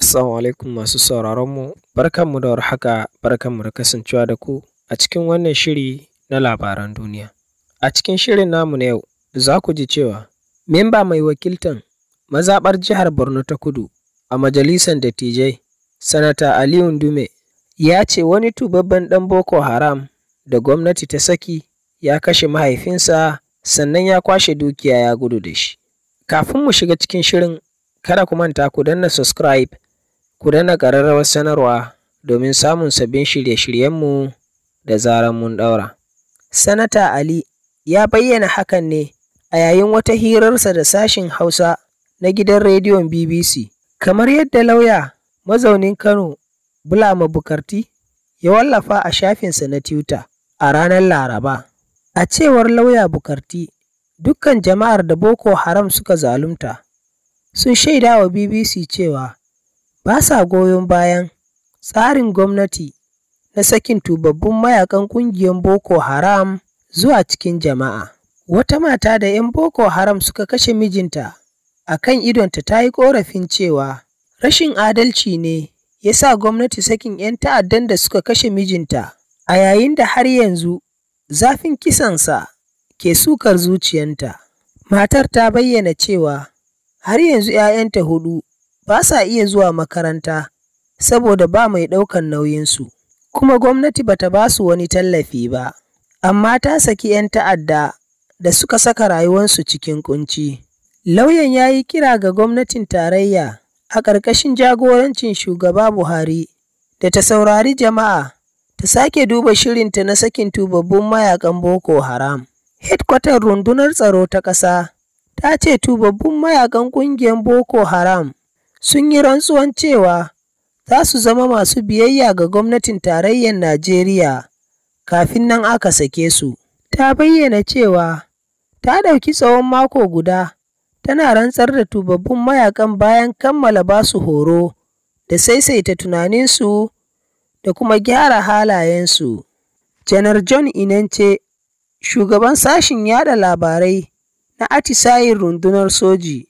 Assalamu alaikum masu sauraronmu, barkanmu da warhaka, mu da kasancewa da ku a cikin wannan shiri na labaran duniya. A cikin shirin namu na yau, za ku ji cewa memba mai wakiltan mazaɓar jihar Borno ta Kudu a majalisar dattijai, Sanata Aliyu Dume, ya ce wani tubabban ɗan Boko Haram da gwamnati ta saki ya kashe mahaifinsa sannan ya kwashe dukiya ya gudu da shi. Kafin mu shiga cikin shirin, kada ku manta ku danna subscribe Ku dana ƙararrawar sanarwa domin samun sabbin shirye-shiryenmu da zarar mun ɗaura. Sanata Ali ya bayyana hakan ne a yayin wata hirarsa da sashin Hausa na gidan rediyon BBC. Kamar yadda lauya mazaunin Kano Bulama Bukarti ya wallafa a shafinsa na Twitter a ranar Laraba. A cewar lauya Bukarti, dukkan jama'ar da Boko Haram suka zalunta sun shaida wa BBC cewa ba sa goyon bayan tsarin gwamnati na sakin tubabbun mayakan ƙungiyar Boko Haram zuwa cikin jama'a. Wata mata da 'yan Boko Haram suka kashe mijinta a kan idonta ta yi ƙorafin cewa rashin adalci ne ya sa gwamnati sakin 'yan ta'addan da suka kashe mijinta a yayin da har yanzu zafin kisansa ke sukar zuciyanta. Matar ta bayyana cewa har yanzu ‘ya'yanta hudu ba sa iya zuwa makaranta saboda ba mai ɗaukan nauyinsu, kuma gwamnati ba ta ba su wani tallafi ba, amma ta saki 'yan ta'adda da suka saka rayuwarsu cikin kunci. Lauyan ya yi kira ga gwamnatin tarayya a ƙarƙashin jagorancin shugaba Buhari da ta saurari jama'a ta sake duba shirinta na sakin tubabbun mayakan Boko Haram. Hedkwatar rundunar tsaro ta ƙasa ta ce tubabbun mayakan ƙungiyar Boko Haram sun yi rantsuwan cewa za su zama masu biyayya ga gwamnatin tarayyar Najeriya kafin nan aka sake su. Ta bayyana cewa ta ɗauki tsawon mako guda tana rantsar da tubabbun mayakan bayan kammala ba su horo da saisaita tunaninsu da kuma gyara halayensu. Janar John Inance, shugaban sashin yada labarai na atisayin rundunar soji.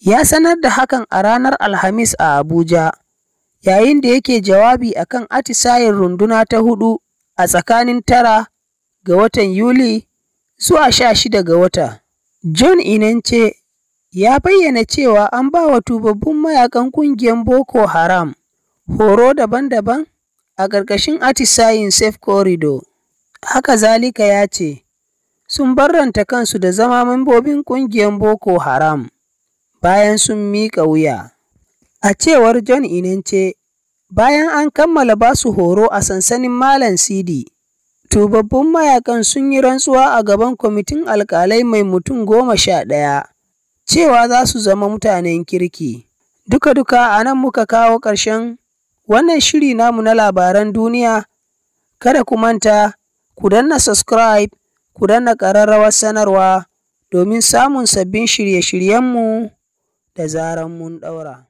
ya sanar da hakan a ranar Alhamis a Abuja, yayin da yake jawabi a kan atisayen runduna ta hudu a tsakanin tara ga watan Yuli zuwa sha shida ga wata. John Inance ya bayyana cewa an ba wa tubabbun mayakan ƙungiyar Boko Haram horo daban-daban a ƙarƙashin atisayen Safe Corridor. Haka zalika ya ce, sun barranta kansu da zama membobin ƙungiyar Boko Haram. bayan sun miƙa wuya. A cewar John Inance, bayan an kammala ba su horo a sansanin Malam Sidi, tubabbun mayakan sun yi rantsuwa a gaban kwamitin alkalai mai mutum goma sha ɗaya, cewa za su zama mutanen kirki. Duka-duka a nan muka kawo ƙarshen wannan shiri namu na labaran duniya, kada ku manta, ku danna subscribe, ku danna ƙararrawar sanarwa domin samun sabbin shirye-shiryenmu. da zarar mun ɗaura.